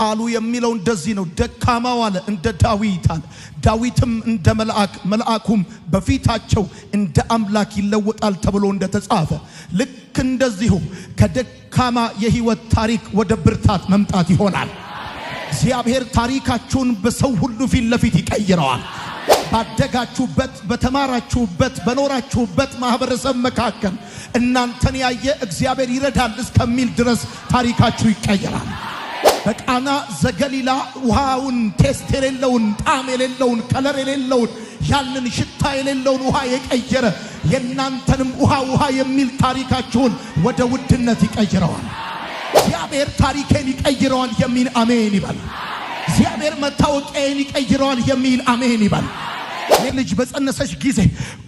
ቃሉ የሚለው እንደዚህ ነው። ደካማው አለ እንደ ዳዊት አለ ዳዊትም እንደ መልአክ መልአኩም በፊታቸው እንደ አምላክ ይለወጣል ተብሎ እንደተጻፈ ልክ እንደዚሁ ከደካማ የህይወት ታሪክ ወደ ብርታት መምጣት ይሆናል። እግዚአብሔር ታሪካችሁን በሰው ሁሉ ፊት ለፊት ይቀይረዋል። ባደጋችሁበት፣ በተማራችሁበት፣ በኖራችሁበት ማህበረሰብ መካከል እናንተን ያየ እግዚአብሔር ይረዳል እስከሚል ድረስ ታሪካችሁ ይቀየራል። በቃና ዘገሊላ ውሃውን ቴስት የሌለውን ጣዕም የሌለውን ከለር የሌለውን ያንን ሽታ የሌለውን ውሃ የቀየረ የእናንተንም ውሃ ውሃ የሚል ታሪካችሁን ወደ ውድነት ይቀይረዋል። እግዚአብሔር ታሪኬን ይቀይረዋል የሚል አሜን ይበል። እግዚአብሔር መታወቂያዬን ይቀይረዋል የሚል አሜን ይበል። ልጅ በጸነሰች ጊዜ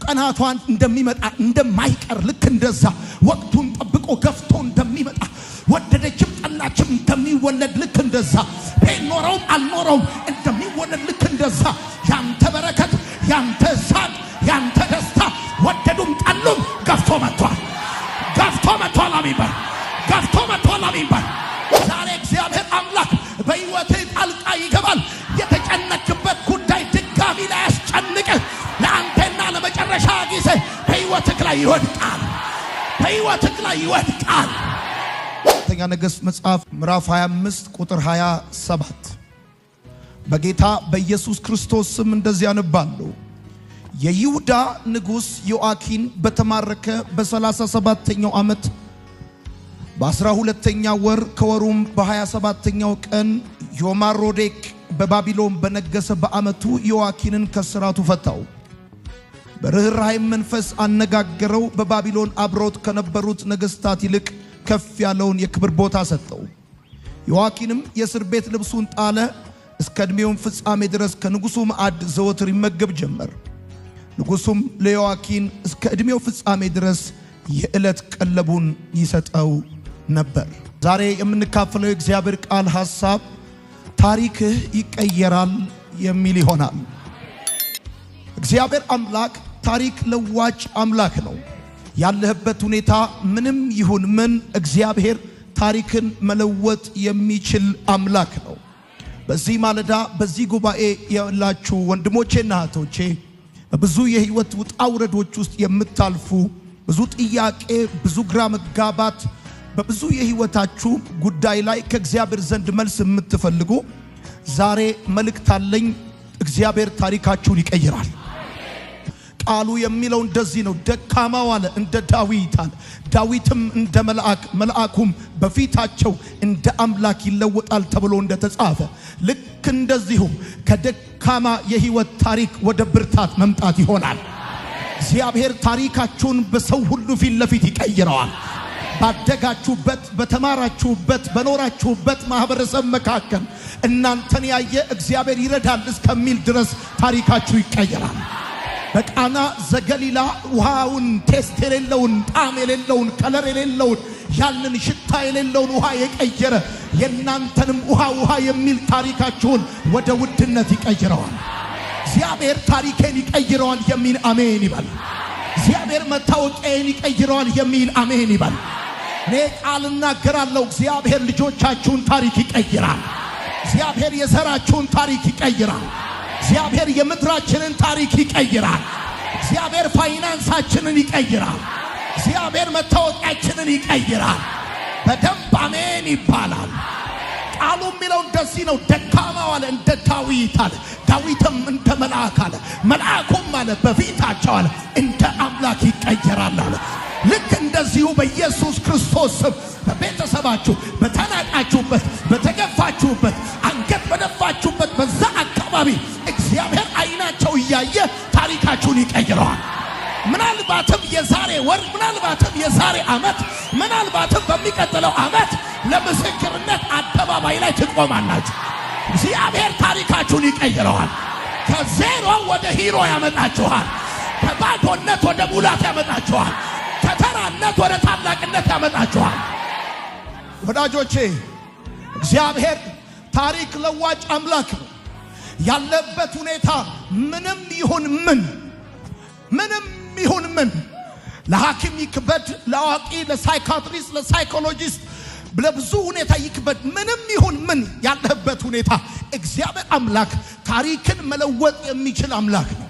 ቀናቷን እንደሚመጣ እንደማይቀር ልክ እንደዛ ወቅቱን ጠብቆ ገፍ ገዛ። ኖረውም አልኖረውም ሁለተኛ ነገሥት መጽሐፍ ምዕራፍ 25 ቁጥር 27 በጌታ በኢየሱስ ክርስቶስ ስም እንደዚህ ያነባሉ። የይሁዳ ንጉሥ ዮአኪን በተማረከ በ 37 ሰባተኛው ዓመት በአስራ ሁለተኛ ወር ከወሩም በ 27 ሰባተኛው ቀን ዮማሮዴክ በባቢሎን በነገሰ በዓመቱ ዮአኪንን ከስራቱ ፈታው። በርኅራኄም መንፈስ አነጋገረው። በባቢሎን አብሮት ከነበሩት ነገሥታት ይልቅ ከፍ ያለውን የክብር ቦታ ሰጠው። ዮዋኪንም የእስር ቤት ልብሱን ጣለ፣ እስከ ዕድሜውም ፍጻሜ ድረስ ከንጉሡ ማዕድ ዘወትር ይመገብ ጀመር። ንጉሡም ለዮዋኪን እስከ ዕድሜው ፍጻሜ ድረስ የዕለት ቀለቡን ይሰጠው ነበር። ዛሬ የምንካፈለው የእግዚአብሔር ቃል ሐሳብ ታሪክህ ይቀየራል የሚል ይሆናል። እግዚአብሔር አምላክ ታሪክ ለዋጭ አምላክ ነው። ያለህበት ሁኔታ ምንም ይሁን ምን እግዚአብሔር ታሪክን መለወጥ የሚችል አምላክ ነው። በዚህ ማለዳ በዚህ ጉባኤ ያላችሁ ወንድሞቼና እህቶቼ በብዙ የህይወት ውጣ ውረዶች ውስጥ የምታልፉ ብዙ ጥያቄ፣ ብዙ ግራ መጋባት፣ በብዙ የህይወታችሁ ጉዳይ ላይ ከእግዚአብሔር ዘንድ መልስ የምትፈልጉ ዛሬ መልእክት አለኝ። እግዚአብሔር ታሪካችሁን ይቀይራል። ቃሉ የሚለው እንደዚህ ነው። ደካማው አለ እንደ ዳዊት አለ ዳዊትም እንደ መልአክ መልአኩም በፊታቸው እንደ አምላክ ይለወጣል ተብሎ እንደተጻፈ ልክ እንደዚሁ ከደካማ የህይወት ታሪክ ወደ ብርታት መምጣት ይሆናል። እግዚአብሔር ታሪካችሁን በሰው ሁሉ ፊት ለፊት ይቀይረዋል። ባደጋችሁበት፣ በተማራችሁበት፣ በኖራችሁበት ማህበረሰብ መካከል እናንተን ያየ እግዚአብሔር ይረዳል እስከሚል ድረስ ታሪካችሁ ይቀየራል። በቃና ዘገሊላ ውሃውን ቴስት የሌለውን ጣዕም የሌለውን ከለር የሌለውን ያንን ሽታ የሌለውን ውሃ የቀየረ የእናንተንም ውሃ ውሃ የሚል ታሪካችሁን ወደ ውድነት ይቀይረዋል። እግዚአብሔር ታሪኬን ይቀይረዋል የሚል አሜን ይበል። እግዚአብሔር መታወቂያዬን ይቀይረዋል የሚል አሜን ይበል። እኔ ቃል እናገራለሁ፣ እግዚአብሔር ልጆቻችሁን ታሪክ ይቀይራል። እግዚአብሔር የሰራችሁን ታሪክ ይቀይራል። እግዚአብሔር የምድራችንን ታሪክ ይቀይራል። እግዚአብሔር ፋይናንሳችንን ይቀይራል። እግዚአብሔር መታወቂያችንን ይቀይራል። በደንብ አሜን ይባላል። ቃሉ የሚለው እንደዚህ ነው። ደካማው አለ እንደ ዳዊት አለ፣ ዳዊትም እንደ መልአክ አለ፣ መልአኩም አለ በፊታቸው አለ እንደ አምላክ ይቀየራል አለ። ልክ እንደዚሁ በኢየሱስ ክርስቶስ ስም በቤተሰባችሁ፣ በተናቃችሁበት፣ በተገፋችሁበት፣ አንገት በደፋችሁበት በዛ አካባቢ እግዚአብሔር አይናቸው እያየ ታሪካችሁን ይቀይረዋል። ምናልባትም የዛሬ ወር፣ ምናልባትም የዛሬ ዓመት፣ ምናልባትም በሚቀጥለው ዓመት ለምስክርነት አደባባይ ላይ ትቆማላችሁ። እግዚአብሔር ታሪካችሁን ይቀይረዋል። ከዜሮ ወደ ሂሮ ያመጣችኋል። ከባዶነት ወደ ሙላት ያመጣችኋል። ከተራነት ወደ ታላቅነት ያመጣችኋል። ወዳጆቼ እግዚአብሔር ታሪክ ለዋጭ አምላክ ነው። ያለበት ሁኔታ ምንም ይሁን ምን ምንም ይሁን ምን ለሐኪም ይክበድ፣ ለአዋቂ፣ ለሳይካትሪስት፣ ለሳይኮሎጂስት ለብዙ ሁኔታ ይክበድ፣ ምንም ይሁን ምን ያለበት ሁኔታ እግዚአብሔር አምላክ ታሪክን መለወጥ የሚችል አምላክ ነው።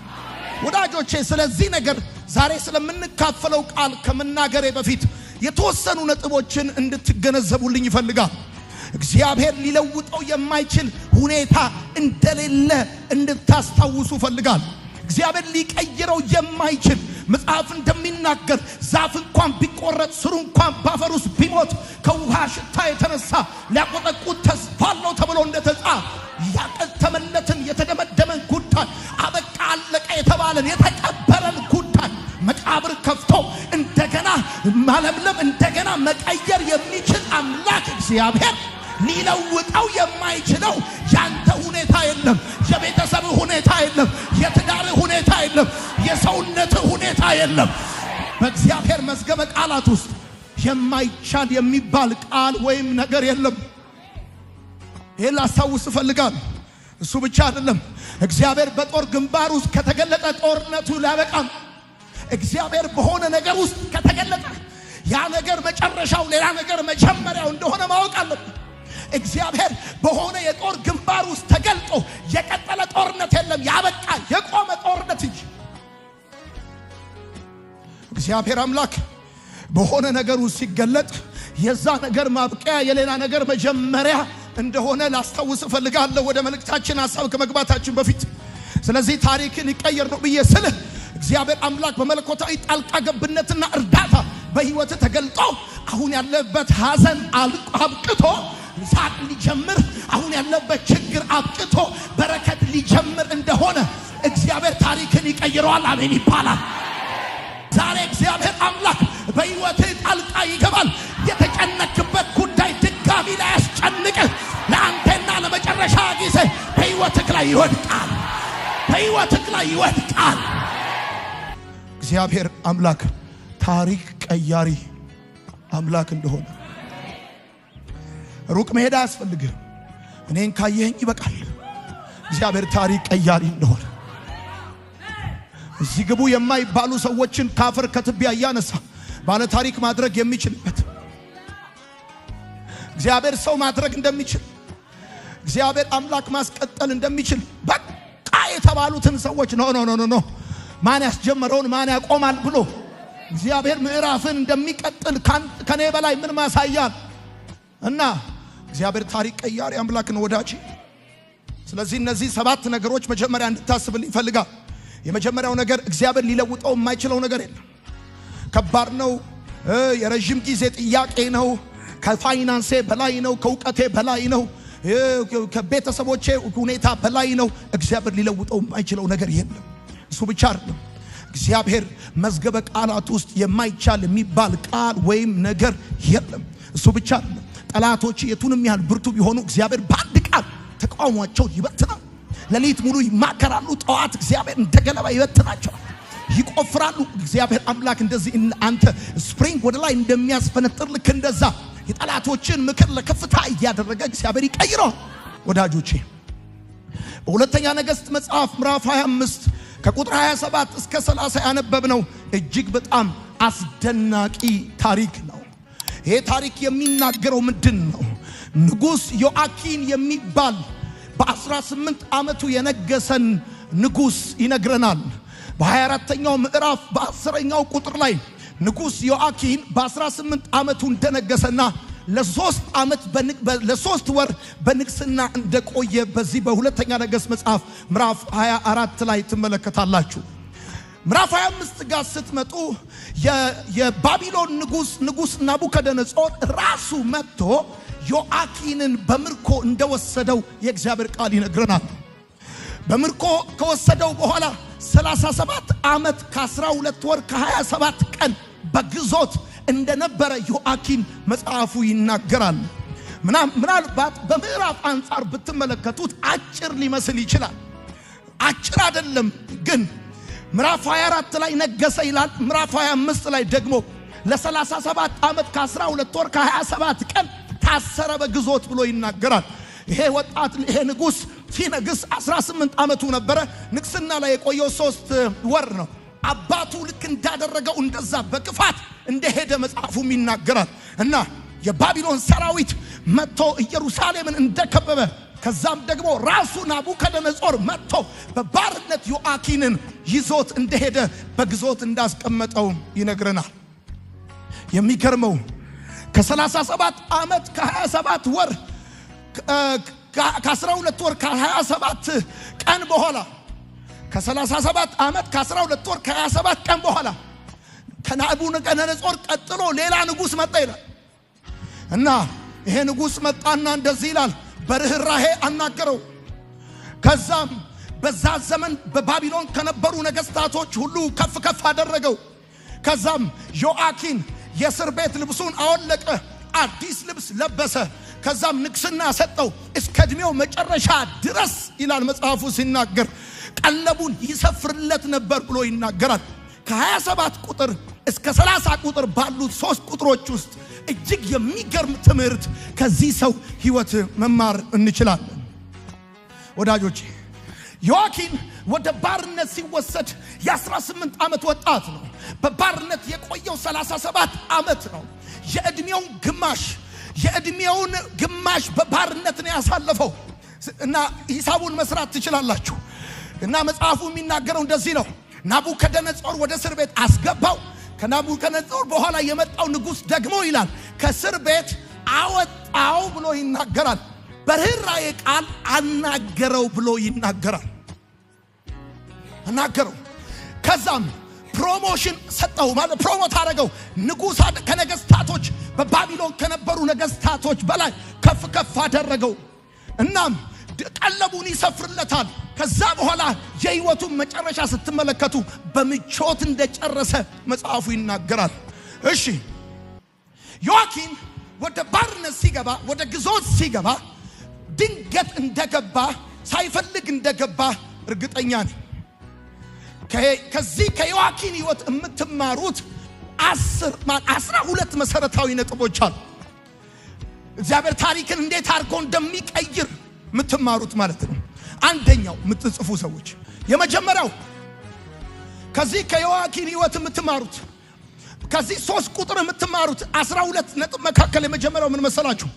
ወዳጆቼ ስለዚህ ነገር ዛሬ ስለምንካፈለው ቃል ከመናገሬ በፊት የተወሰኑ ነጥቦችን እንድትገነዘቡልኝ ይፈልጋል። እግዚአብሔር ሊለውጠው የማይችል ሁኔታ እንደሌለ እንድታስታውሱ ፈልጋል። እግዚአብሔር ሊቀይረው የማይችል መጽሐፍ እንደሚናገር ዛፍ እንኳን ቢቆረጥ ስሩ እንኳን ባፈር ውስጥ ቢሞት ከውሃ ሽታ የተነሳ ሊያቆጠቁት ተስፋ አለው ተብሎ እንደተጻ ያቀተመለትን የተደመደመን ጉዳይ አበቃ አለቀ የተባለን የተቀበረን ጉዳይ መቃብር ከፍቶ እንደገና ማለምለም እንደገና መቀየር የሚችል አምላክ እግዚአብሔር ሊለውጠው የማይችለው ያንተ ሁኔታ የለም፣ የቤተሰብ ሁኔታ የለም፣ የትዳር ሁኔታ የለም፣ የሰውነት ሁኔታ የለም። በእግዚአብሔር መዝገበ ቃላት ውስጥ የማይቻል የሚባል ቃል ወይም ነገር የለም። ይህን ላስታውስ እፈልጋለሁ። እሱ ብቻ አይደለም። እግዚአብሔር በጦር ግንባር ውስጥ ከተገለጠ ጦርነቱ ሊያበቃም እግዚአብሔር በሆነ ነገር ውስጥ ከተገለጠ ያ ነገር መጨረሻው ሌላ ነገር መጀመሪያው እንደሆነ ማወቅ አለብን። እግዚአብሔር በሆነ የጦር ግንባር ውስጥ ተገልጦ የቀጠለ ጦርነት የለም፣ ያበቃ የቆመ ጦርነት እንጂ። እግዚአብሔር አምላክ በሆነ ነገር ውስጥ ሲገለጥ የዛ ነገር ማብቂያ የሌላ ነገር መጀመሪያ እንደሆነ ላስታውስ እፈልጋለሁ። ወደ መልእክታችን ሀሳብ ከመግባታችን በፊት ስለዚህ ታሪክን ይቀየር ነው ብዬ ስልህ እግዚአብሔር አምላክ በመለኮታዊ ጣልቃ ገብነትና እርዳታ በህይወት ተገልጦ አሁን ያለበት ሀዘን አብቅቶ ሳቅ ሊጀምር አሁን ያለበት ችግር አብቅቶ በረከት ሊጀምር እንደሆነ እግዚአብሔር ታሪክን ይቀይረዋል። አሜን ይባላል። ዛሬ እግዚአብሔር አምላክ በሕይወትህ ጣልቃ ይገባል። የተጨነክበት ጉዳይ ድጋሚ ላይ ያስጨንቅህ ለአንተና ለመጨረሻ ጊዜ በሕይወትህ ላይ ይወድቃል። በሕይወትህ ላይ ይወድቃል። እግዚአብሔር አምላክ ታሪክ ቀያሪ አምላክ እንደሆነ ሩቅ መሄድ አያስፈልግህም። እኔን ካየኸኝ ይበቃል። እግዚአብሔር ታሪክ ቀያሪ እንደሆነ እዚህ ግቡ የማይባሉ ሰዎችን ካፈር ከትቢያ እያነሳ ባለ ታሪክ ማድረግ የሚችልበት እግዚአብሔር ሰው ማድረግ እንደሚችል እግዚአብሔር አምላክ ማስቀጠል እንደሚችል በቃ የተባሉትን ሰዎች ኖ ኖ ኖ ኖ ማን ያስጀመረውን ማን ያቆማል ብሎ እግዚአብሔር ምዕራፍን እንደሚቀጥል ከኔ በላይ ምን ማሳያል እና እግዚአብሔር ታሪክ ቀያሪ አምላክ ነው ወዳጅ። ስለዚህ እነዚህ ሰባት ነገሮች መጀመሪያ እንድታስብል ይፈልጋል። የመጀመሪያው ነገር እግዚአብሔር ሊለውጠው የማይችለው ነገር የለም። ከባድ ነው። የረዥም ጊዜ ጥያቄ ነው። ከፋይናንሴ በላይ ነው። ከእውቀቴ በላይ ነው። ከቤተሰቦቼ ሁኔታ በላይ ነው። እግዚአብሔር ሊለውጠው የማይችለው ነገር የለም። እሱ ብቻ አይደለም። እግዚአብሔር መዝገበ ቃላት ውስጥ የማይቻል የሚባል ቃል ወይም ነገር የለም። እሱ ብቻ አይደለም። ጠላቶች የቱንም ያህል ብርቱ ቢሆኑ እግዚአብሔር በአንድ ቃል ተቃውሟቸው ይበትናል። ሌሊት ሙሉ ይማከራሉ፣ ጠዋት እግዚአብሔር እንደገለባ ይበትናቸዋል። ይቆፍራሉ። እግዚአብሔር አምላክ እንደዚህ አንተ ስፕሪንግ ወደ ላይ እንደሚያስፈነጥር ልክ እንደዛ የጠላቶችን ምክር ለከፍታ እያደረገ እግዚአብሔር ይቀይረዋል። ወዳጆቼ በሁለተኛ ነገሥት መጽሐፍ ምዕራፍ 25 ከቁጥር 27 እስከ 30 ያነበብነው እጅግ በጣም አስደናቂ ታሪክ ይሄ ታሪክ የሚናገረው ምንድን ነው? ንጉሥ ዮአኪን የሚባል በ18 ዓመቱ የነገሰን ንጉሥ ይነግረናል። በ24ተኛው ምዕራፍ በ1ኛው ቁጥር ላይ ንጉሥ ዮአኪን በ18 ዓመቱ እንደነገሰና ለሶስት ዓመት ለሶስት ወር በንግስና እንደቆየ በዚህ በሁለተኛ ነገሥት መጽሐፍ ምዕራፍ 24 ላይ ትመለከታላችሁ። ምዕራፍ 25 ጋር ስትመጡ የባቢሎን ንጉስ ንጉስ ናቡከደነጾር ራሱ መጥቶ ዮአኪንን በምርኮ እንደወሰደው የእግዚአብሔር ቃል ይነግረናል። በምርኮ ከወሰደው በኋላ 37 ዓመት ከ12 ወር ከ27 ቀን በግዞት እንደነበረ ዮአኪን መጽሐፉ ይናገራል። ምናልባት በምዕራፍ አንጻር ብትመለከቱት አጭር ሊመስል ይችላል። አጭር አይደለም ግን ምዕራፍ 24 ላይ ነገሰ ይላል። ምዕራፍ 25 ላይ ደግሞ ለ37 ዓመት ከ12 ወር ከ27 ቀን ታሰረ በግዞት ብሎ ይናገራል። ይሄ ወጣት ይሄ ንጉሥ ሲነግስ 18 ዓመቱ ነበረ። ንግስና ላይ የቆየው ሶስት ወር ነው። አባቱ ልክ እንዳደረገው እንደዛ በክፋት እንደሄደ መጽሐፉም ይናገራል እና የባቢሎን ሰራዊት መጥቶ ኢየሩሳሌምን እንደከበበ ከዛም ደግሞ ራሱ ናቡከደነጾር መጥቶ በባርነት ዮአኪንን ይዞት እንደሄደ በግዞት እንዳስቀመጠው ይነግረናል። የሚገርመው ከ37 ዓመት ከ27 ወር ከ12 ወር ከ27 ቀን በኋላ ከ37 ዓመት ከ12 ወር ከ27 ቀን በኋላ ከናቡከደነጾር ቀጥሎ ሌላ ንጉሥ መጣ ይላል እና ይሄ ንጉሥ መጣና እንደዚህ ይላል በርኅራሄ አናገረው። ከዛም በዛ ዘመን በባቢሎን ከነበሩ ነገስታቶች ሁሉ ከፍ ከፍ አደረገው። ከዛም ዮአኪን የእስር ቤት ልብሱን አወለቀ፣ አዲስ ልብስ ለበሰ። ከዛም ንግስና ሰጠው እስከ ዕድሜው መጨረሻ ድረስ ይላል መጽሐፉ ሲናገር፣ ቀለቡን ይሰፍርለት ነበር ብሎ ይናገራል። ከ27 ቁጥር እስከ 30 ቁጥር ባሉት ሶስት ቁጥሮች ውስጥ እጅግ የሚገርም ትምህርት ከዚህ ሰው ህይወት መማር እንችላለን። ወዳጆቼ ዮዋኪን ወደ ባርነት ሲወሰድ የ18 ዓመት ወጣት ነው። በባርነት የቆየው 37 ዓመት ነው። የዕድሜውን ግማሽ የዕድሜውን ግማሽ በባርነት ነው ያሳለፈው እና ሂሳቡን መስራት ትችላላችሁ እና መጽሐፉ የሚናገረው እንደዚህ ነው። ናቡከደነጾር ወደ እስር ቤት አስገባው። ከናቡከነጾር በኋላ የመጣው ንጉሥ ደግሞ ይላል ከእስር ቤት አወጣው ብሎ ይናገራል። በርኅራዬ ቃል አናገረው ብሎ ይናገራል። አናገረው ከዛም ፕሮሞሽን ሰጠው ማለት ፕሮሞት አደረገው። ንጉሥ ከነገስታቶች በባቢሎን ከነበሩ ነገስታቶች በላይ ከፍ ከፍ አደረገው። እናም ቀለቡን ይሰፍርለታል። ከዛ በኋላ የህይወቱን መጨረሻ ስትመለከቱ በምቾት እንደጨረሰ መጽሐፉ ይናገራል። እሺ ዮዋኪን ወደ ባርነት ሲገባ ወደ ግዞት ሲገባ ድንገት እንደገባ ሳይፈልግ እንደገባ እርግጠኛ ነኝ። ከዚህ ከዮዋኪን ህይወት የምትማሩት አስራ ሁለት መሰረታዊ ነጥቦች አሉ። እግዚአብሔር ታሪክን እንዴት አድርጎ እንደሚቀይር የምትማሩት ማለት ነው። አንደኛው የምትጽፉ ሰዎች የመጀመሪያው ከዚህ ከዮዋኪን ህይወት የምትማሩት ከዚህ ሶስት ቁጥር የምትማሩት አስራ ሁለት ነጥብ መካከል የመጀመሪያው ምን መሰላችሁ?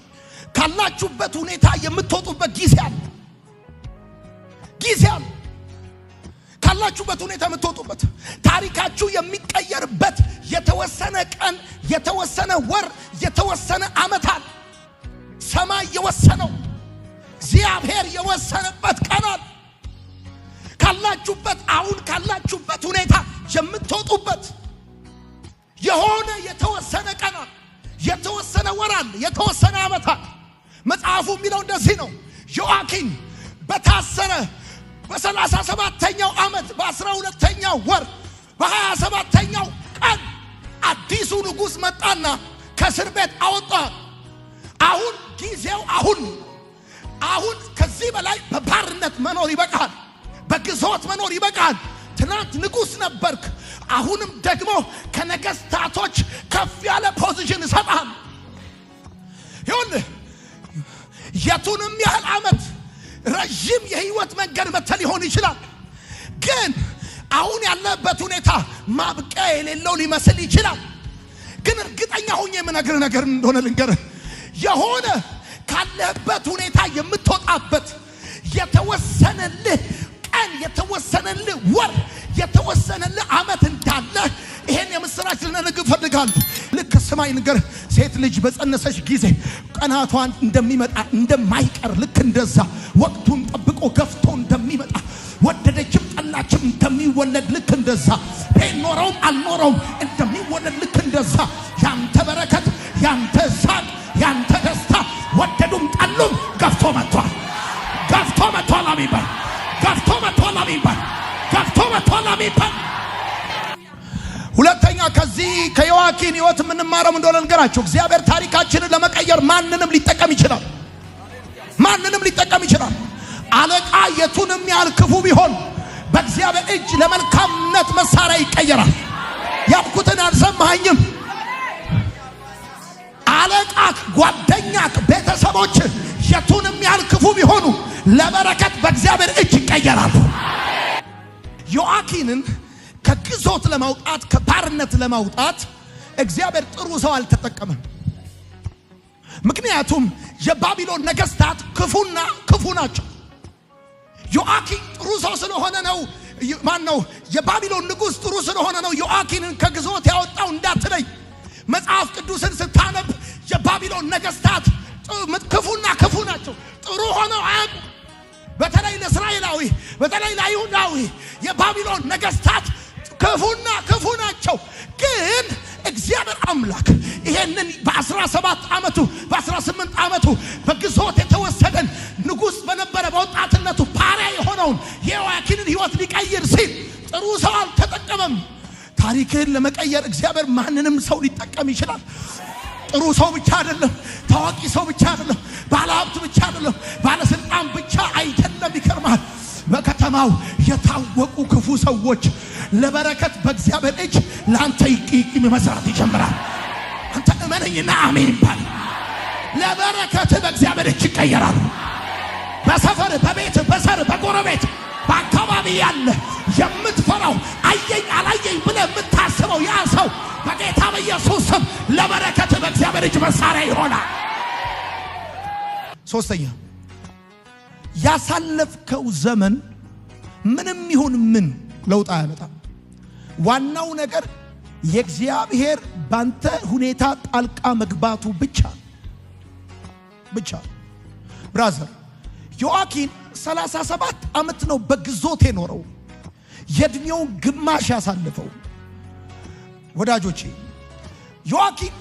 ካላችሁበት ሁኔታ የምትወጡበት ጊዜ አለ። ጊዜ አለ። ካላችሁበት ሁኔታ የምትወጡበት ታሪካችሁ የሚቀየርበት የተወሰነ ቀን፣ የተወሰነ ወር፣ የተወሰነ ዓመት አለ። ሰማይ የወሰነው እግዚአብሔር የወሰነበት ቀናል ካላችሁበት አሁን ካላችሁበት ሁኔታ የምትወጡበት የሆነ የተወሰነ ቀናል የተወሰነ ወራል የተወሰነ ዓመታል። መጽሐፉ የሚለው እንደዚህ ነው። ዮአኪን በታሰረ በሰላሳ ሰባተኛው ዓመት በአስራ ሁለተኛው ወር በሀያ ሰባተኛው ቀን አዲሱ ንጉሥ መጣና ከእስር ቤት አወጣ። አሁን ጊዜው አሁን አሁን ከዚህ በላይ በባርነት መኖር ይበቃል። በግዞት መኖር ይበቃል። ትናንት ንጉሥ ነበርክ፣ አሁንም ደግሞ ከነገስታቶች ከፍ ያለ ፖዚሽን ይሰጣል። ይሁንህ የቱንም ያህል ዓመት ረዥም የህይወት መንገድ መተ ሊሆን ይችላል ግን አሁን ያለበት ሁኔታ ማብቂያ የሌለው ሊመስል ይችላል። ግን እርግጠኛ ሆኜ የምነግር ነገር እንደሆነ ልንገርህ የሆነ ካለህበት ሁኔታ የምትወጣበት የተወሰነልህ ቀን፣ የተወሰነልህ ወር፣ የተወሰነልህ ዓመት እንዳለ ይሄን የምስራች ልነግርህ እፈልጋለሁ። ልክ ስማኝ ንገርህ፣ ሴት ልጅ በጸነሰች ጊዜ ቀናቷን እንደሚመጣ እንደማይቀር ልክ እንደዛ ወቅቱን ጠብቆ ገፍቶ እንደሚመጣ ወደደችም ጠላችም እንደሚወለድ ልክ እንደዛ ኖረውም አልኖረውም እንደሚወለድ ልክ እንደዛ የአምላኬን ህይወት የምንማረው እንደሆነ ልንገራችሁ። እግዚአብሔር ታሪካችንን ለመቀየር ማንንም ሊጠቀም ይችላል። ማንንም ሊጠቀም ይችላል። አለቃ የቱንም ያህል ክፉ ቢሆን በእግዚአብሔር እጅ ለመልካምነት መሳሪያ ይቀየራል። ያልኩትን አልሰማኸኝም? አለቃክ፣ ጓደኛክ፣ ቤተሰቦች የቱንም ያህል ክፉ ቢሆኑ ለበረከት በእግዚአብሔር እጅ ይቀየራሉ። ዮአኪንን ከግዞት ለማውጣት ከባርነት ለማውጣት እግዚአብሔር ጥሩ ሰው አልተጠቀመም። ምክንያቱም የባቢሎን ነገስታት ክፉና ክፉ ናቸው። ዮአኪን ጥሩ ሰው ስለሆነ ነው። ማን ነው? የባቢሎን ንጉሥ ጥሩ ስለሆነ ነው ዮአኪንን ከግዞት ያወጣው እንዳትለይ። መጽሐፍ ቅዱስን ስታነብ የባቢሎን ነገስታት ክፉና ክፉ ናቸው። ጥሩ ሆነው አያውቁ። በተለይ ለእስራኤላዊ፣ በተለይ ለአይሁዳዊ የባቢሎን ነገስታት ክፉና ክፉ ናቸው ግን እግዚአብሔር አምላክ ይሄንን በ17 ዓመቱ በ18 ዓመቱ በግዞት የተወሰደን ንጉሥ በነበረ በወጣትነቱ ፓሪያ የሆነውን የዮያኪንን ህይወት ሊቀይር ሲል ጥሩ ሰው አልተጠቀመም። ታሪክህን ለመቀየር እግዚአብሔር ማንንም ሰው ሊጠቀም ይችላል። ጥሩ ሰው ብቻ አይደለም፣ ታዋቂ ሰው ብቻ አይደለም፣ ባለሀብት ብቻ አይደለም፣ ባለስልጣን ብቻ አይደለም። ይከርማል። በከተማው የታወቁ ክፉ ሰዎች ለበረከት በእግዚአብሔር እጅ ለአንተ መስራት ይጀምራል። አንተ እመነኝና አሜን ይባል። ለበረከት በእግዚአብሔር እጅ ይቀየራል። በሰፈር፣ በቤት፣ በሰር፣ በጎረቤት፣ በአካባቢ ያለ የምትፈራው አየኝ አላየኝ ብለህ የምታስበው ያ ሰው በጌታ በኢየሱስ ስም ለበረከት በእግዚአብሔር እጅ መሳሪያ ይሆናል። ሶስተኛ ያሳለፍከው ዘመን ምንም ይሁን ምን ለውጥ አያመጣም። ዋናው ነገር የእግዚአብሔር ባንተ ሁኔታ ጣልቃ መግባቱ ብቻ ብቻ። ብራዘር ዮዋኪን 37 ዓመት ነው በግዞት የኖረው የእድሜውን ግማሽ ያሳልፈው። ወዳጆቼ ዮዋኪን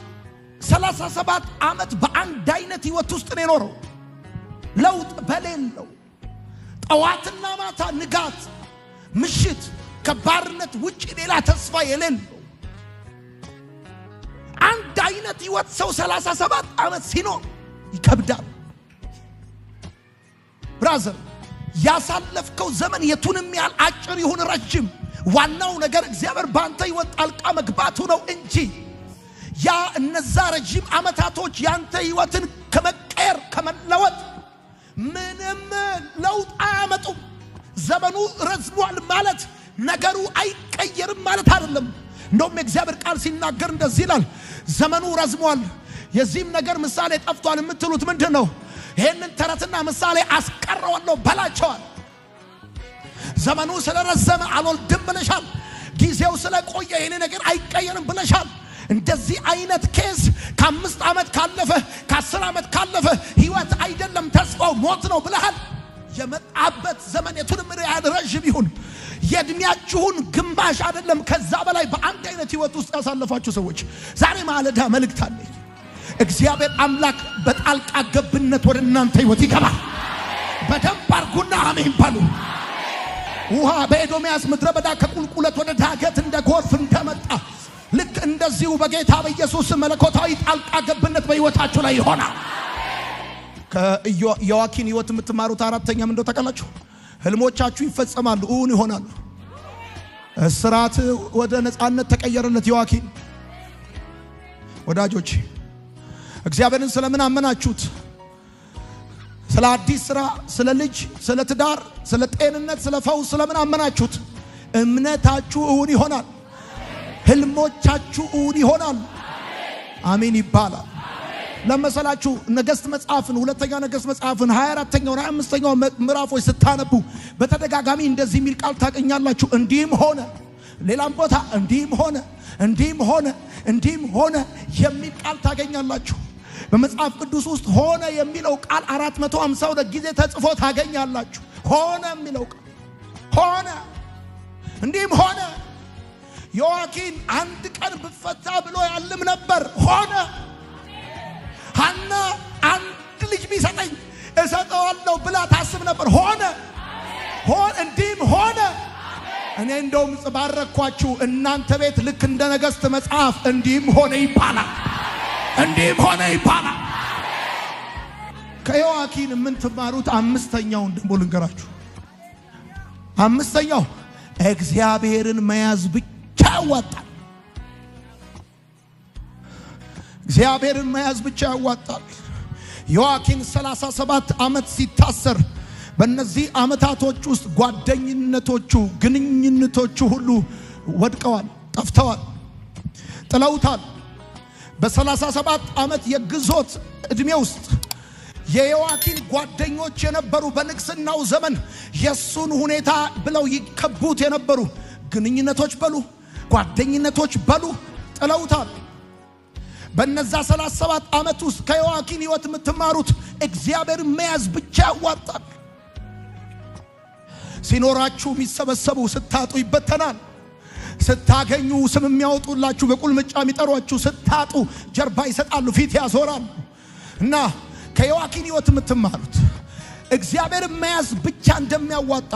37 ዓመት በአንድ አይነት ህይወት ውስጥ ነው የኖረው፣ ለውጥ በሌለው ጠዋትና ማታ፣ ንጋት ምሽት ከባርነት ውጭ ሌላ ተስፋ የሌለው አንድ አይነት ህይወት ሰው ሰላሳ ሰባት ዓመት ሲኖር ይከብዳል ብራዘር ያሳለፍከው ዘመን የቱንም ያህል አጭር ይሁን ረጅም ዋናው ነገር እግዚአብሔር በአንተ ህይወት ጣልቃ መግባቱ ነው እንጂ ያ እነዛ ረዥም ዓመታቶች ያንተ ህይወትን ከመቀየር ከመለወጥ ምንም ለውጥ አያመጡም ዘመኑ ረዝሟል ማለት ነገሩ አይቀየርም ማለት አይደለም። እንደውም የእግዚአብሔር ቃል ሲናገር እንደዚህ ይላል፣ ዘመኑ ረዝሟል፣ የዚህም ነገር ምሳሌ ጠፍቷል የምትሉት ምንድን ነው? ይህንን ተረትና ምሳሌ አስቀረዋለሁ በላቸዋል። ዘመኑ ስለረዘመ አልወልድም ብለሻል። ጊዜው ስለቆየ ይሄኔ ነገር አይቀየርም ብለሻል። እንደዚህ አይነት ኬዝ ከአምስት ዓመት ካለፈ ከአስር ዓመት ካለፈ ህይወት አይደለም ተስፋው ሞት ነው ብለሃል። የመጣበት ዘመን የቱንም ያህል ረዥም ይሁን የእድሜያችሁን ግማሽ አይደለም ከዛ በላይ በአንድ አይነት ህይወት ውስጥ ያሳለፋችሁ ሰዎች ዛሬ ማለዳ መልእክት አለኝ። እግዚአብሔር አምላክ በጣልቃ ገብነት ወደ እናንተ ህይወት ይገባል። በደንብ አርጉና አሜን በሉ። ውሃ በኤዶምያስ ምድረ በዳ ከቁልቁለት ወደ ዳገት እንደ ጎርፍ እንደመጣ ልክ እንደዚሁ በጌታ በኢየሱስ መለኮታዊ ጣልቃ ገብነት በህይወታችሁ ላይ ይሆናል። ከዮዋኪን ህይወት የምትማሩት አራተኛ ምንደው ተቀላችሁ ህልሞቻችሁ ይፈጸማሉ፣ እውን ይሆናሉ። እስራት ወደ ነፃነት ተቀየረለት ዮዋኪን። ወዳጆች እግዚአብሔርን ስለምን አመናችሁት? ስለ አዲስ ስራ፣ ስለ ልጅ፣ ስለ ትዳር፣ ስለ ጤንነት፣ ስለ ፈውስ ስለምን አመናችሁት? እምነታችሁ እውን ይሆናል። ህልሞቻችሁ እውን ይሆናል። አሜን ይባላል። ለመሰላችሁ ነገስት መጽሐፍን ሁለተኛ ነገስት መጽሐፍን 24ኛውን 25ኛው ምዕራፎች ስታነቡ በተደጋጋሚ እንደዚህ የሚል ቃል ታገኛላችሁ። እንዲህም ሆነ ሌላም ቦታ እንዲህም ሆነ እንዲህም ሆነ እንዲህም ሆነ የሚል ቃል ታገኛላችሁ። በመጽሐፍ ቅዱስ ውስጥ ሆነ የሚለው ቃል 452 ጊዜ ተጽፎ ታገኛላችሁ። ሆነ የሚለው ቃል ሆነ እንዲህም ሆነ ዮዋኪን አንድ ቀን ብፈታ ብሎ ያልም ነበር ሆነ ሀና አንድ ልጅ ቢሰጠኝ እሰጠዋለሁ ብላ ታስብ ነበር። ሆነ ሆነ፣ እንዲህም ሆነ። እኔ እንደውም ጽባረኳችሁ እናንተ ቤት ልክ እንደ ነገሥት መጽሐፍ እንዲህም ሆነ ይባላል፣ እንዲህም ሆነ ይባላል። ከዮዋኪን የምንትማሩት አምስተኛውን ደግሞ ልንገራችሁ። አምስተኛው እግዚአብሔርን መያዝ ብቻ ያዋጣል። እግዚአብሔርን መያዝ ብቻ ያዋጣል። ዮአኪን 37 ዓመት ሲታሰር በእነዚህ ዓመታቶች ውስጥ ጓደኝነቶቹ፣ ግንኙነቶቹ ሁሉ ወድቀዋል፣ ጠፍተዋል፣ ጥለውታል። በ37 ዓመት የግዞት ዕድሜ ውስጥ የዮዋኪን ጓደኞች የነበሩ በንግስናው ዘመን የእሱን ሁኔታ ብለው ይከቡት የነበሩ ግንኙነቶች በሉ ጓደኝነቶች በሉ ጥለውታል። በነዛ 37 ዓመት ውስጥ ከዮዋኪን ህይወት የምትማሩት እግዚአብሔር መያዝ ብቻ ያዋጣል። ሲኖራችሁ የሚሰበሰቡ ስታጡ ይበተናል። ስታገኙ ስም የሚያወጡላችሁ በቁልምጫ የሚጠሯችሁ ስታጡ ጀርባ ይሰጣሉ፣ ፊት ያዞራሉ እና ከዮዋኪን ህይወት የምትማሩት እግዚአብሔር መያዝ ብቻ እንደሚያዋጣ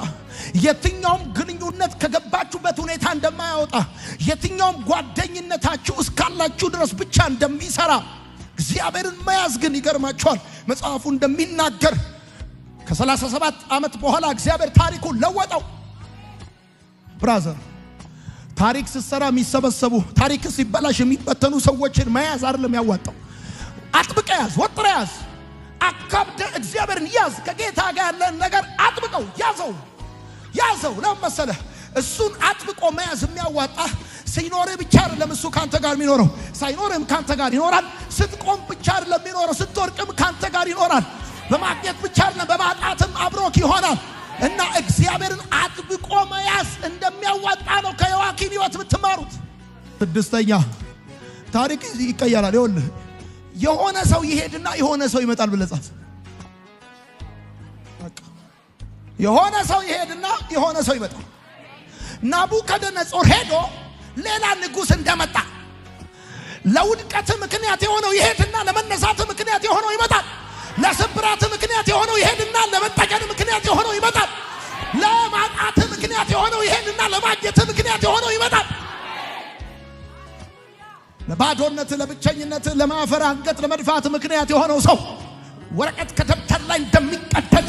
የትኛውም ግንኙነት ከገባችሁበት ሁኔታ እንደማያወጣ የትኛውም ጓደኝነታችሁ እስካላችሁ ድረስ ብቻ እንደሚሰራ እግዚአብሔርን መያዝ ግን ይገርማችኋል። መጽሐፉ እንደሚናገር ከ37 ዓመት በኋላ እግዚአብሔር ታሪኩን ለወጠው። ብራዘር ታሪክ ስትሰራ የሚሰበሰቡ ታሪክ ሲበላሽ የሚበተኑ ሰዎችን መያዝ አይደለም ያዋጣው። አጥብቀ ያዝ፣ ወጥረ ያዝ። አካብደ እግዚአብሔርን ያዝ። ከጌታ ጋር ያለን ነገር አጥብቀው ያዘው ያዘው። ለምን መሰለህ? እሱን አጥብቆ መያዝ የሚያዋጣ ሲኖርህ ብቻ አይደለም እሱ ካንተ ጋር የሚኖረው፣ ሳይኖርህም ካንተ ጋር ይኖራል። ስትቆም ብቻ አይደለም የሚኖረው፣ ስትወርቅም ካንተ ጋር ይኖራል። በማግኘት ብቻ አይደለም በማጣትም አብሮክ ይሆናል። እና እግዚአብሔርን አጥብቆ መያዝ እንደሚያዋጣ ነው ከዮዋኪን ሕይወት የምትማሩት። ስድስተኛ ታሪክ ይቀየራል። ይኸውልህ የሆነ ሰው ይሄድና የሆነ ሰው ይመጣል ብለህ ጻፍ። የሆነ ሰው ይሄድና የሆነ ሰው ይመጣል። ናቡከደነጾር ሄዶ ሌላ ንጉሥ እንደመጣ ለውድቀት ምክንያት የሆነው ይሄድና ለመነሳት ምክንያት የሆነው ይመጣል። ለስብራት ምክንያት የሆነው ይሄድና ለመጠቀን ምክንያት የሆነው ይመጣል። ለማጣት ምክንያት የሆነው ይሄድና ለማግኘት ምክንያት የሆነው ይመጣል። ለባዶነት፣ ለብቸኝነት፣ ለማፈር አንገት ለመድፋት ምክንያት የሆነው ሰው ወረቀት ከደብተር ላይ እንደሚቀደድ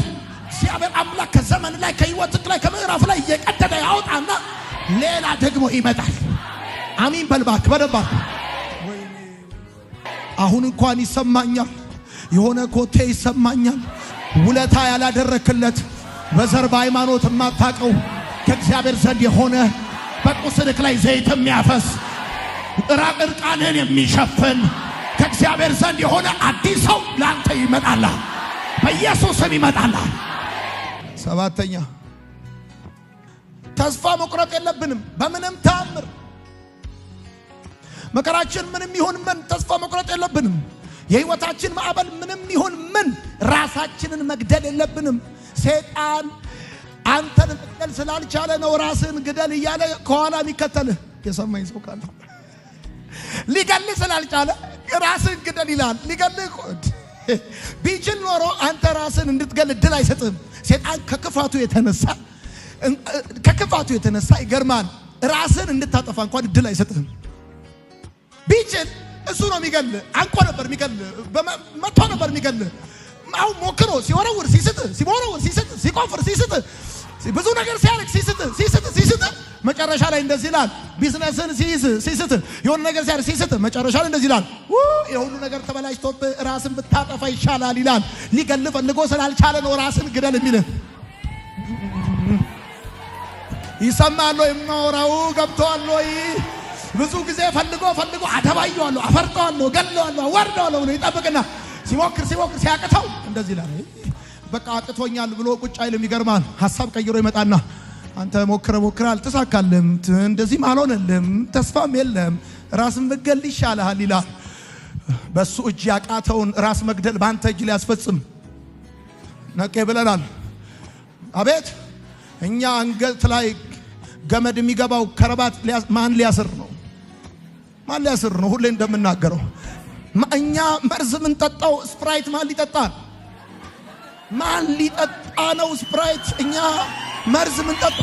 እግዚአብሔር አምላክ ከዘመን ላይ ከህይወት ላይ ከምዕራፍ ላይ እየቀደደ ያወጣና ሌላ ደግሞ ይመጣል። አሚን በልባክ በደባክ አሁን እንኳን ይሰማኛል፣ የሆነ ኮቴ ይሰማኛል። ውለታ ያላደረክለት በዘር በሃይማኖት የማታቀው ከእግዚአብሔር ዘንድ የሆነ በቁስልክ ላይ ዘይት የሚያፈስ ራቅ እርቃንህን የሚሸፍን ከእግዚአብሔር ዘንድ የሆነ አዲስ ሰው ለአንተ ይመጣልሃል። በኢየሱስም ይመጣልሃል። ሰባተኛ ተስፋ መቁረጥ የለብንም በምንም ተአምር። መከራችን ምንም ይሁን ምን ተስፋ መቁረጥ የለብንም። የህይወታችን ማዕበል ምንም ይሁን ምን ራሳችንን መግደል የለብንም። ሴጣን አንተን መግደል ስላልቻለ ነው ራስህን ግደል እያለ ከኋላ የሚከተልህ የሰማኝ ሰው ካለ ሊገልህ ስላልቻለ ራስህን ግደል ይላል። ሊገልህ ቢችል ኖሮ አንተ ራስን እንድትገል እድል አይሰጥም። ሴጣን ከክፋቱ የተነሳ ከክፋቱ የተነሳ ይገርማል፣ ራስን እንድታጠፋ እንኳን እድል አይሰጥም። ቢችል እሱ ነው የሚገል። አንቆ ነበር የሚገል፣ መቶ ነበር የሚገል። አሁን ሞክሮ ሲወረውር ሲስጥ፣ ሲወረውር ሲስጥ ሲቆፍር ሲስት ብዙ ነገር ሲያደርግ ሲስት ሲስት ሲስት መጨረሻ ላይ እንደዚህ ይላል። ቢዝነስን ሲይዝ ሲስት፣ የሆነ ነገር ሲያደርግ ሲስት፣ መጨረሻ ላይ እንደዚህ ይላል። የሁሉ ነገር ተበላሽቶብህ ራስን ብታጠፋ ይሻላል ይላል። ሊገል ፈልጎ ስላልቻለ ነው ራስን ግደል የሚል ይሰማል ወይ? የማወራው ገብቶሃል ወይ? ብዙ ጊዜ ፈልጎ ፈልጎ አደባየዋለሁ፣ አፈርጠዋለሁ፣ ገለዋለሁ፣ ወርደዋለሁ ነው ይጠብቅና ሲሞክር ሲሞክር ሲያቅተው እንደዚህ ይላል። በቃ አጥቶኛል ብሎ ቁጭ አይልም። ይገርማል። ሀሳብ ቀይሮ ይመጣና አንተ ሞክረ ሞክረ አልተሳካልም፣ እንደዚህም አልሆነልም፣ ተስፋም የለም፣ ራስን መግደል ይሻልሃል ይላል። በሱ እጅ ያቃተውን ራስ መግደል በአንተ እጅ ሊያስፈጽም ነቄ ብለናል። አቤት እኛ አንገት ላይ ገመድ የሚገባው ከረባት ማን ሊያስር ነው? ማን ሊያስር ነው? ሁሌ እንደምናገረው እኛ መርዝ የምንጠጣው ስፕራይት ማን ሊጠጣል? ማን ሊጠጣ ነው ስፕራይት? እኛ መርዝ ምን ጠጣ?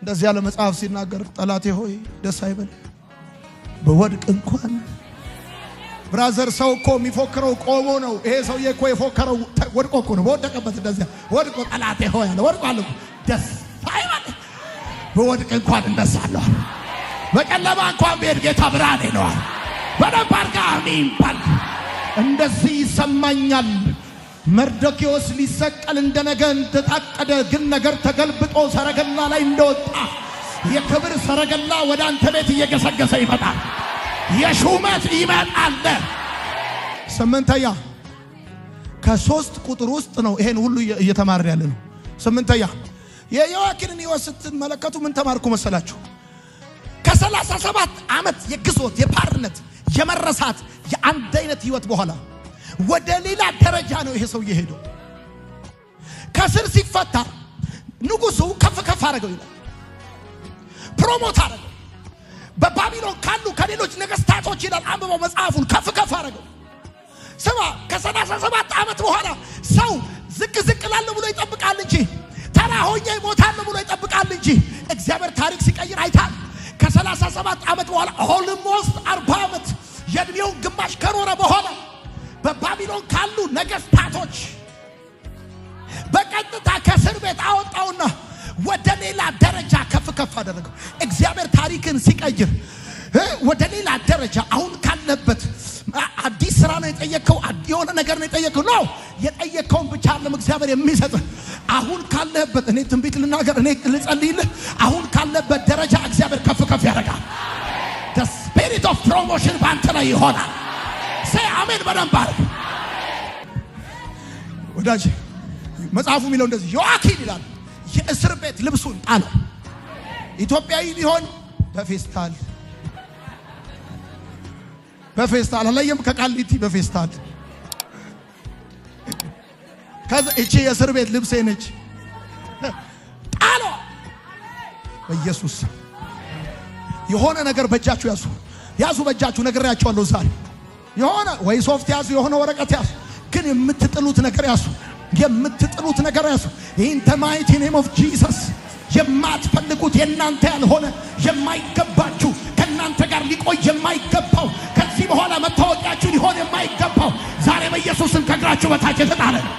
እንደዚህ ያለ መጽሐፍ ሲናገር ጠላቴ ሆይ ደስ አይበል በወድቅ እንኳን ብራዘር፣ ሰው እኮ የሚፎክረው ቆሞ ነው። ይሄ ሰውዬ እኮ የፎከረው ወድቆ እኮ ነው፣ በወደቀበት እንደዚያ ወድቆ ጠላቴ ሆይ አለ። ወድቆ አለ ደስ አይበል በወድቅ እንኳን እነሳለሁ። በጨለማ እንኳን ብሄድ ጌታ ብርሃኔ ነው። በደንብ አድርጋ አሜን በል እንደዚህ ይሰማኛል። መርዶኪዎስ ሊሰቀል እንደ ነገ እንደታቀደ ግን ነገር ተገልብጦ ሰረገላ ላይ እንደወጣ የክብር ሰረገላ ወደ አንተ ቤት እየገሰገሰ ይመጣል። የሹመት ይመጣል። ስምንተኛ ከሶስት ቁጥር ውስጥ ነው። ይሄን ሁሉ እየተማርን ያለ ነው። ስምንተኛ የዮዋኪንን ሕይወት ስትመለከቱ ምን ተማርኩ መሰላችሁ? ከሰላሳ ሰባት ዓመት የግዞት የፓርነት የመረሳት የአንድ አይነት ህይወት በኋላ ወደ ሌላ ደረጃ ነው ይሄ ሰው የሄደው። ከስር ሲፈታ ንጉሱ ከፍ ከፍ አደረገው ይላል። ፕሮሞት አደረገው። በባቢሎን ካሉ ከሌሎች ነገስታቶች ይላል አንብበው መጽሐፉን ከፍ ከፍ አደረገው። ስማ ከሰላሳ ሰባት ዓመት በኋላ ሰው ዝቅ ዝቅ ላለ ብሎ ይጠብቃል እንጂ ተራ ሆኜ ይሞታል ብሎ ይጠብቃል እንጂ እግዚአብሔር ታሪክ ሲቀይር አይታል። ከ37 ዓመት በኋላ ኦልሞስት አርባ ዓመት የእድሜውን ግማሽ ከኖረ በኋላ በባቢሎን ካሉ ነገስታቶች በቀጥታ ከእስር ቤት አወጣውና ወደ ሌላ ደረጃ ከፍ ከፍ አደረገው። እግዚአብሔር ታሪክን ሲቀይር ወደ ሌላ ደረጃ አሁን ካለበት አዲስ ስራ ነው የጠየቀው፣ የሆነ ነገር ነው የጠየቀው ነው የጠየቀውን ብቻ አለም እግዚአብሔር የሚሰጥ አሁን ካለህበት እኔ ትንቢት ልናገር፣ እኔ ልጸልይልህ። አሁን ካለበት ደረጃ እግዚአብሔር ከፍ ከፍ ያደርጋል። ስፒሪት ኦፍ ፕሮሞሽን በአንተ ላይ ይሆናል። ሰይ አሜን። በደንብ አድርግ ወዳጅ። መጽሐፉ የሚለው እንደዚህ ዮዋኪን ይላል የእስር ቤት ልብሱን ጣለው። ኢትዮጵያዊ ቢሆን በፌስታል በፌስታል አላየም፣ ከቃሊቲ በፌስታል እቺ የእስር ቤት ልብሴ ነች። ጣሎ በኢየሱስ የሆነ ነገር በእጃችሁ ያዙ፣ ያዙ በእጃችሁ ነግሬያቸዋለሁ። ዛሬ የሆነ ወይ ሶፍት ያዙ፣ የሆነ ወረቀት ያዙ፣ ግን የምትጥሉት ነገር ያዙ፣ የምትጥሉት ነገር ያዙ። ይህን ተማይቲ ኔም ኦፍ ጂሰስ የማትፈልጉት የእናንተ ያልሆነ የማይገባችሁ ከእናንተ ጋር ሊቆይ የማይገባው ከዚህ በኋላ መታወቂያችሁ ሊሆን የማይገባው ዛሬ በኢየሱስን ከእግራችሁ በታች የተጣለ ነው።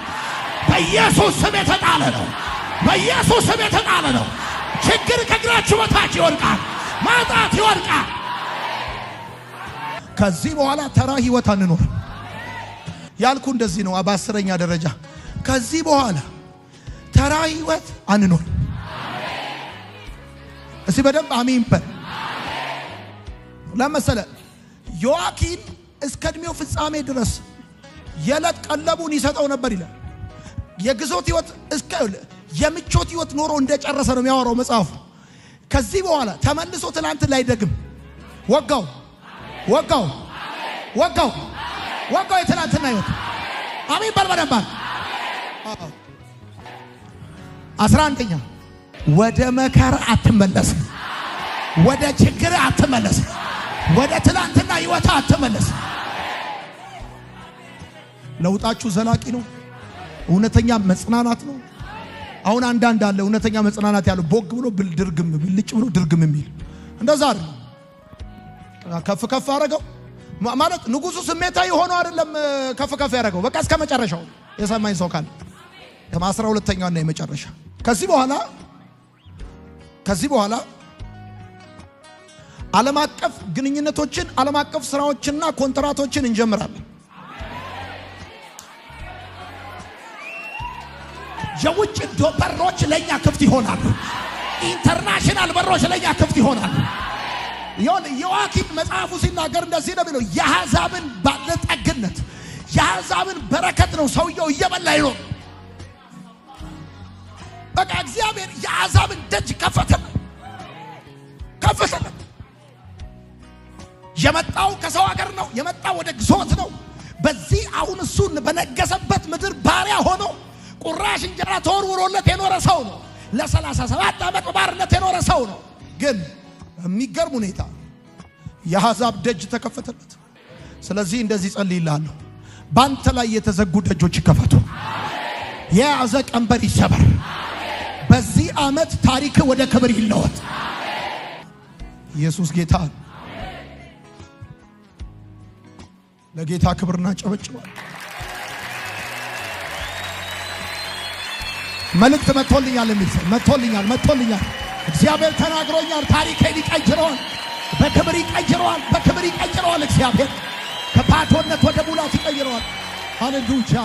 በኢየሱስ ስም የተጣለ ነው። በኢየሱስ ስም የተጣለ ነው። ችግር ከእግራችሁ በታች ይወድቃል። ማጣት ይወድቃል። ከዚህ በኋላ ተራ ህይወት አንኖር ያልኩ እንደዚህ ነው። በአስረኛ ደረጃ ከዚህ በኋላ ተራ ህይወት አንኖር። እሲ በደንብ አሚን በል። ለመሰለ ዮአኪን እስከ እድሜው ፍጻሜ ድረስ የዕለት ቀለቡን ይሰጠው ነበር ይላል። የግዞት ህይወት እስከ የምቾት ህይወት ኖሮ እንደጨረሰ ነው የሚያወራው መጽሐፉ። ከዚህ በኋላ ተመልሶ ትናንት ላይ ደግም ወጋው ወጋው ወጋው ወጋው የትናንትና ህይወት አሜን በል በደንብ አስራ አንደኛ ወደ መከራ አትመለስ ወደ ችግር አትመለስ ወደ ትናንትና ህይወት አትመለስም። ለውጣችሁ ዘላቂ ነው። እውነተኛ መጽናናት ነው። አሁን አንዳንድ አለ እውነተኛ መጽናናት ያለው ቦግ ብሎ ድርግም ብልጭ ብሎ ድርግም የሚል እንደዛ አይደለም። ከፍ ከፍ አረገው ማለት ንጉሱ ስሜታዊ ሆኖ አይደለም ከፍ ከፍ ያደረገው። በቃ እስከ መጨረሻው የሰማኝ ሰው ካለ አስራ ሁለተኛውና የመጨረሻ ከዚህ በኋላ ከዚህ በኋላ ዓለም አቀፍ ግንኙነቶችን ዓለም አቀፍ ስራዎችና ኮንትራቶችን እንጀምራለን። የውጭ በሮች ለእኛ ክፍት ይሆናሉ። ኢንተርናሽናል በሮች ለእኛ ክፍት ይሆናሉ። ይሁን ዮዋኪም መጽሐፉ ሲናገር እንደዚህ ነው የሚለው የአሕዛብን ባለጠግነት የአሕዛብን በረከት ነው ሰውየው እየበላ ይኖር። በቃ እግዚአብሔር የአሕዛብን ደጅ ከፈተለ ከፈተለ። የመጣው ከሰው ሀገር ነው። የመጣው ወደ ግዞት ነው። በዚህ አሁን እሱን በነገሰበት ምድር ባሪያ ሆኖ ቁራሽ እንጀራ ተወርውሮለት የኖረ ሰው ነው። ለሰላሳ ሰባት ዓመት በባርነት የኖረ ሰው ነው። ግን በሚገርም ሁኔታ የአሕዛብ ደጅ ተከፈተለት። ስለዚህ እንደዚህ ጸልይልሃለሁ፣ በአንተ ላይ የተዘጉ ደጆች ይከፈቱ፣ የያዘ ቀንበር ይሰበር። በዚህ ዓመት ታሪክ ወደ ክብር ይለወጥ። ኢየሱስ ጌታ ለጌታ ክብርና ጨበጭባል። መልእክት መጥቶልኛል የሚል ሰው መጥቶልኛል፣ መጥቶልኛል። እግዚአብሔር ተናግሮኛል። ታሪኬን ይቀይረዋል፣ በክብር ይቀይረዋል፣ በክብር ይቀይረዋል። እግዚአብሔር ከፓቶነት ወደ ሙላት ይቀይረዋል። አሌሉያ